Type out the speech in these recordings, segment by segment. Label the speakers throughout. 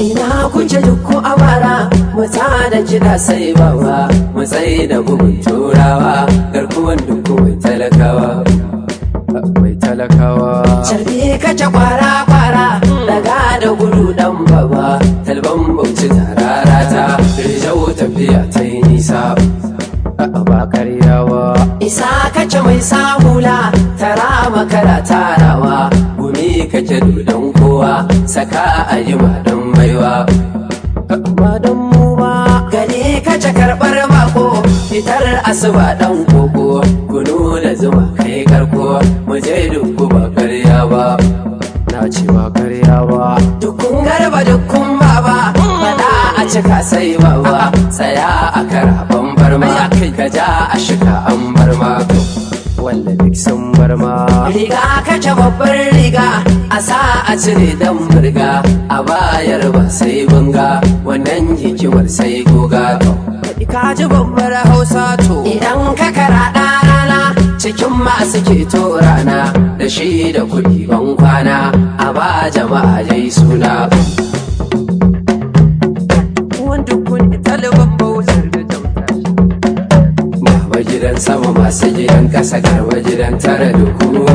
Speaker 1: ina kunce dukku a bara mata da kiɗa sai bawa
Speaker 2: matsayi da bugun turawa garkuwan dukku mai talakawa mai talakawa
Speaker 1: carbi kace kwara kwara daga da gudu dan baba
Speaker 2: talban bauchi ta. rijau tafiya ta yi nisa ba karyawa
Speaker 1: isa kace mai sahula tara makara tarawa gumi kace dodon kowa saka a yi madan fitar asuba dan koko
Speaker 2: ku da zuma kai karko mu je duku ba karya ba na ce karya ba
Speaker 1: dukun garba dukun baba bada a cika sai baba tsaya a karaban barma ka ja a shika
Speaker 2: an barma wallabi sun barma
Speaker 1: riga ka ce babbar riga sa a cire dan burga a bayar ba sai banga wannan hikimar sai goga to ka ji babbar hausa to idan ka karaɗa rana cikin masu ke to rana da shi da kuɗi ban kwana a ba
Speaker 2: jama'a dai suna gidan sama masu gidan kasa Garba gidan tare duku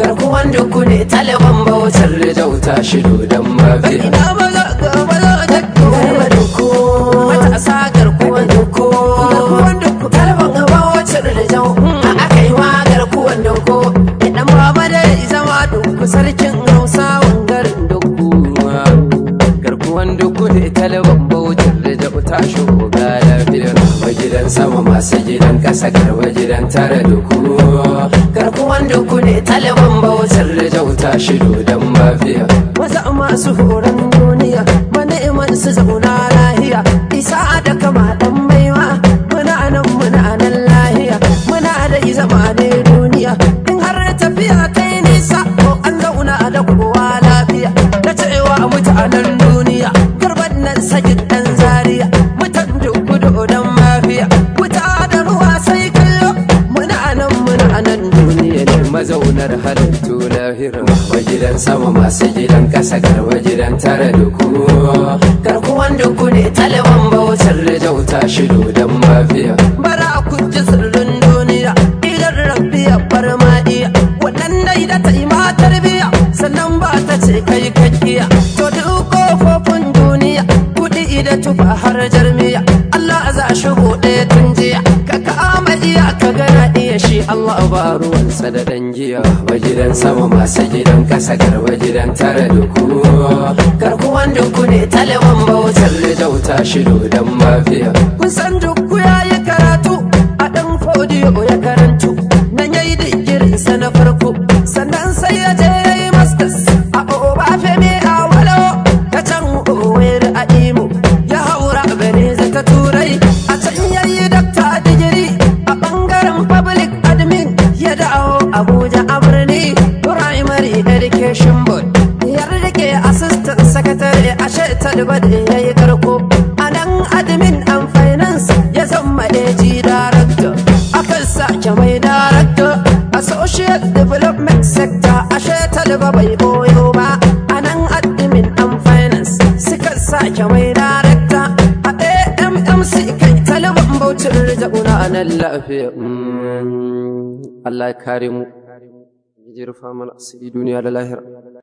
Speaker 1: garkuwan duku ne taliban bautar da
Speaker 2: jauta shido don mabiya
Speaker 1: garba duku matasa garkuwan duku garkuwan duku taliban bautar da jau
Speaker 2: sama masu gidan kasa karba gidan tare duku
Speaker 1: garkuwan ku ne taliban
Speaker 2: bautar da jauta shido don mafiya
Speaker 1: maza masu horon duniya mani'imar su zauna
Speaker 2: ranar halittu lahira wa gidan sama masu gidan kasa garba gidan tare duku
Speaker 1: garkuwan duku ne taliban bautar
Speaker 2: da jauta shido don mafiya
Speaker 1: bara ku ji sirrin duniya idan rabbiya bar wannan dai da ta yi matar biya sannan ba ta ce kai kakkiya to duk kofofin duniya kuɗi da tufa har jarmiya Allah za shi Allah
Speaker 2: ba ruwan sa da dan giya gidan sama masu gidan kasa garba gidan tare ku
Speaker 1: garkuwan duku ne taliban bautar
Speaker 2: da wuta shido dan mafiya
Speaker 1: kun san duku ashe talbade ya yi karko a nan admin and finance ya zama AG director akan sake mai director a social development sector ashe talba bai koyo ba a nan admin and finance suka sake mai director a AMMC kai talban baucin a nan lafiya
Speaker 2: mm. Allah ya kare mu jirfa mana asiri duniya da lahira